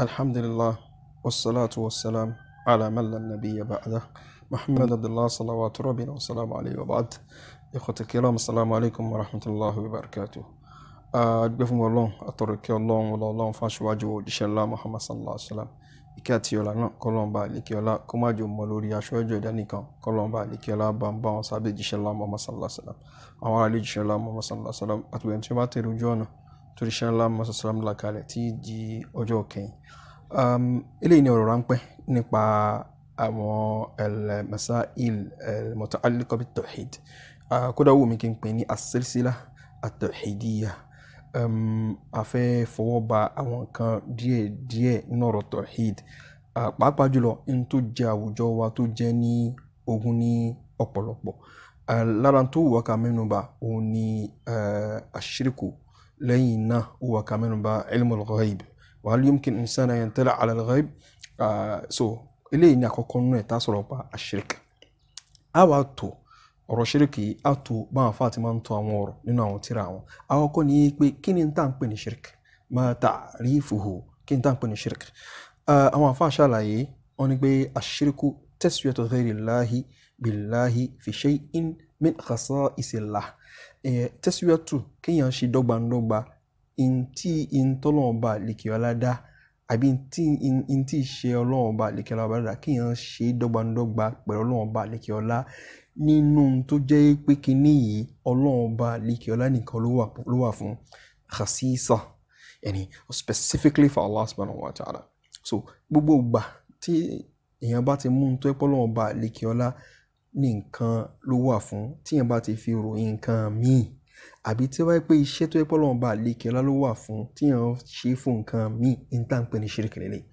الحمد لله والصلاة والسلام على من لا نبي بعده محمد عبد الله صلى صلوات ربنا وسلم عليه وبعد إخوة الكرام السلام عليكم ورحمة الله وبركاته أدبهم الله أترك الله ولا الله فاش واجو دشان الله محمد صلى الله عليه وسلم إكاتي ولا نا كلهم بعلك ولا كم أجو ملوري أشوا جو دنيك كلهم بعلك ولا بام بام سابي دشان الله محمد صلى الله عليه وسلم أمر علي دشان الله محمد صلى الله عليه وسلم أتوين شباتي رجونه torí ṣe ńlá mọ́sásálámù làkàlẹ̀ tí di ọjọ́ kẹyìn um, eléyìí ni ọ̀rọ̀ ráńpẹ́ nípa àwọn al-masail al-muta'alliqa bit-tawhid uh, kódà wù mí kí n pè ní as-silsila at-tawhidiyya um, a fẹ́ fọwọ́ ba àwọn nǹkan díẹ̀ díẹ̀ nọ̀rọ̀ tawhid uh, pàápàá jùlọ n tó jẹ àwùjọ wa tó jẹ ní ogun ní ọ̀pọ̀lọpọ̀ uh, lára tó wù wá ká mẹ́nuba òun ni àṣírìkù lẹ́yìn náà ó wà ká mẹ́nu bà ilmul ghaib wa hal yumkin insana سو ala al-ghaib so eléyìí ní او nínú ẹ̀ tá a sọ̀rọ̀ pa àṣíríkì a wà tó ọ̀rọ̀ ṣíríkì yìí a tó báwọn afá ti máa ń tó àwọn ọ̀rọ̀ nínú àwọn tíra wọn àkọ́kọ́ ni pé kí ni tá à ń pè ní ṣíríkì ma ta'rifuhu kí ni tá à pè ní ṣíríkì àwọn afá ṣàlàyé wọn ni pé àṣíríkù taswiyatu ghairi Allahi billahi fi shay'in min khasaisillah ẹ̀ tẹ́síwẹ́tù kéèyàn ṣe dọ́gbandọ́gba ntí ntọ́lọ́ọ̀ba lèkìọ́lá dá àbí ntí ìṣe ọlọ́ọ̀ba lèkìọ́lá ọba dá kéèyàn ṣe dọ́gbandọ́gba pẹ̀lú ọlọ́ọ̀ba lèkìọ́lá nínú tó jẹ́ pé kinní yìí ọlọ́ọ̀ba lèkìọ́lá nìkan ló wà fún khasisa yani specifically for Allah subhanahu wa ta'ala so gbogbo ìgbà tí èèyàn bá ti mú un tó ẹ́ pọ́lọ́ọ̀ba nìkan ló wà fún. Tí èèyàn bá ti fi ròyìn nǹkan míì àbí tí ó bá jẹ́ pé iṣẹ́ tó jẹ́ pé Ọlọ́run bá lékè ọlá ló wà fún tí èèyàn ṣe fún nǹkan míì, n tí à pè ní ṣíríkì leleyi.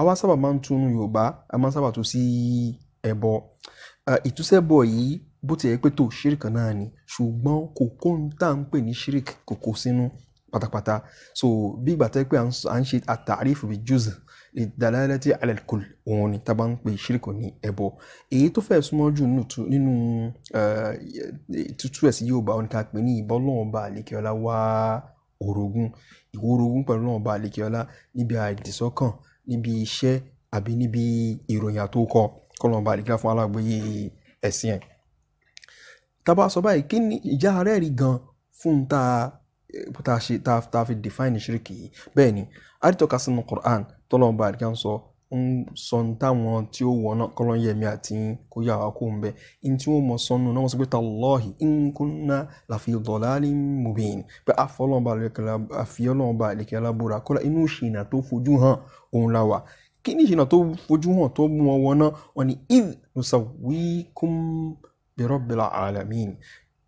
Àwa sábà máa ń tú Yorùbá, a máa ń sábà tú sí ẹbọ. Ìtúsẹ́bọ yìí bó ti jẹ́ pé tò ṣíríkì náà ni, ṣùgbọ́n kò kó ohun tí à pè ní ṣíríkì kò sínú pátápátá so bí ìgbà tó yẹ pé à ń ṣe àtàrífù bíi jùzù ìdálẹ́lẹ́tì alẹ́kùl òun ni tá a bá ń pè ṣíríkò ní ẹbọ èyí tó fẹ́ẹ́ súnmọ́ jù nínú tútù ẹ̀sìn yóò bá wọn ká pè ní ìbọn lọ́wọ́ bá àlékèọ́lá wá orogún ìwọ orogún pẹ̀lú lọ́wọ́ bá àlékèọ́lá níbi àìdìsọ́kàn níbi iṣẹ́ àbí níbi ìròyìn àtòkọ kọ́lọ́wọ́ bá àlékèọ́lá fún alágbèyé ẹ̀sìn ẹ̀ tá sọ báyìí kí ni ìjà tá a ṣe tá a fi define ṣíríkì yìí bẹ́ẹ̀ ni àrítọ́ka sínú Qur'an tọ́lọ́run bá àdìgá ń sọ ń sọ ní táwọn tí ó wọ̀ náà kọ́lọ́n yẹmi àti kó yà wá kó ń bẹ ní tí wọ́n mọ̀ sọnù náà wọ́n sọ pé tallahi in kunna lafi dalalin mubin pé àfọlọ́run bá àlekẹ́lá búra kọ́lá inú ìṣìnà tó fojú hàn òun la wà kí ni ìṣìnà tó fojú hàn tó mú wọn wọná wọn ni id nusawwikum bi rabbil alamin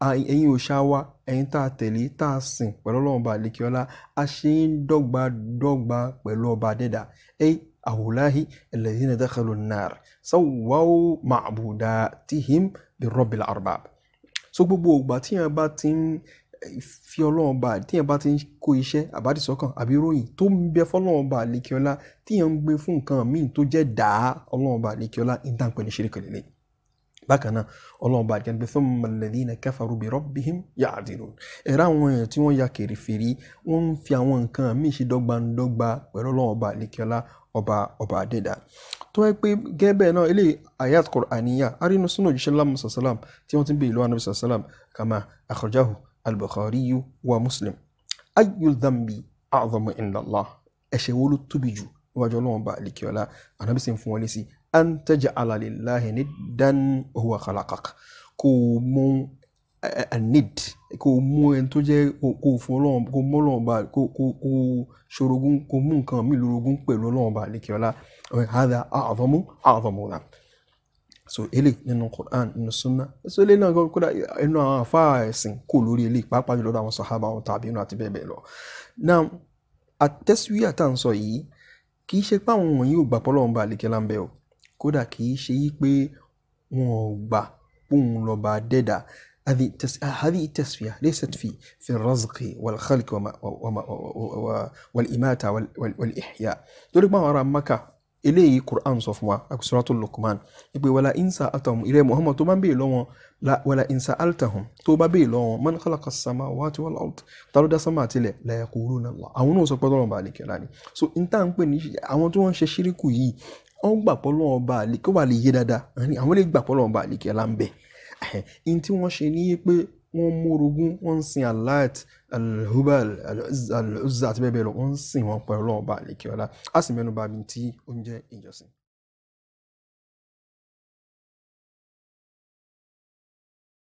ẹ̀yin òòṣà wa ẹ̀yin tá a tẹ̀lé tá a sìn pẹ̀lú ọlọ́run ọba àlekíọ́lá a ṣe ń dọ́gba dọ́gba pẹ̀lú ọba adẹ́dà ẹ̀ àwòláhi alladhina dakhalu an-nar sawwaw ma'budatihim bi rabbil arbab. so gbogbo ìgbà tíyẹn bá ti ń fi ọlọ́run ọba tíyẹn bá ti ń kó iṣẹ́ àbádìsọ́kàn àbí ròyìn tó ń bẹ fọlọ́run ọba àlekíọ́lá tíyẹn ń gbé fún nǹkan bákan náà ọlọ́run bá àdìgẹ́ fún mọ̀lẹ́dínà kafaru bi rabbihim ya'dilun ẹ̀rọ àwọn èèyàn tí wọ́n ya kèrèfèrè wọ́n ń fi àwọn nǹkan míì ṣe dọ́gbandọ́gba pẹ̀lú ọlọ́run ọba àlekẹ́lá ọba ọba àdẹ́dà tó wáyé pé gẹ́bẹ̀ náà ilé ayat Qur'aniya arínú sínú òjíṣẹ́ lámù sàlám tí wọ́n ti ń bè ìlú anabi sàlám kama akhrajahu al-Bukhari wa Muslim ayyul dhanbi a'zamu ẹ̀ṣẹ̀ wo tóbi jù níwájú ọlọ́run ọba àlekẹ́lá anabi sì ń fún wọn lé sí an taj'ala lillahi niddan huwa khalaqak kò mú anid kò mú ẹni tó jẹ́ kò fún ọlọ́run kò mú ọlọ́run bá kò kò ṣorogún kò mú nǹkan mi lórogún pẹ̀lú ọlọ́run bá lékè ọlá hadha a'zamu a'zamu dhanb so ele nínú Qur'an nínú sunna so ele náà kódà ẹnu àwọn afa ẹ̀sìn kò lórí ele pàápàá jùlọ àwọn sahaba àwọn tàbí inú àti bẹ́ẹ̀ now àtẹ́síwí àtàǹsọ yìí kì í ṣe pé àwọn wọ̀nyí ò gbà pé ọlọ́run bá lékè ọlá ń bẹ o kódà kì í ṣe wípé wọn ò gbà póun lọ́ba dẹ́dà هذه التسفية ليست في في الرزق والخلق وما وما والإماتة والإحياء دول ما وراء مكة إليه قرآن صفوة سورة اللقمان يقول ولا إن سألتهم إليه محمد تو بي لون لا ولا إن سألتهم تو بي لون من خلق السماوات والأرض تلو دا سما تلي لا يقولون الله أو نو سبحانه الله عليك يعني سو إنت أنكم نيجي أو تو أنششيركو يي wọ́n gbà pé Ọlọ́run ọba àlekè ó wà lè yé dáadáa àwọn lè gbà pé Ọlọ́run ọba àlekè ọlá ń bẹ ẹ̀hìn tí wọ́n ṣe ní pé wọ́n mórogún wọ́n ń sin alat alhubal aluzza àti bẹ́ẹ̀ bẹ́ẹ̀ lọ wọ́n ń sìn wọn pẹ̀lú Ọlọ́run ọba àlekè ọlá a sì mẹ́nu bà mí tí ó ìjọsìn.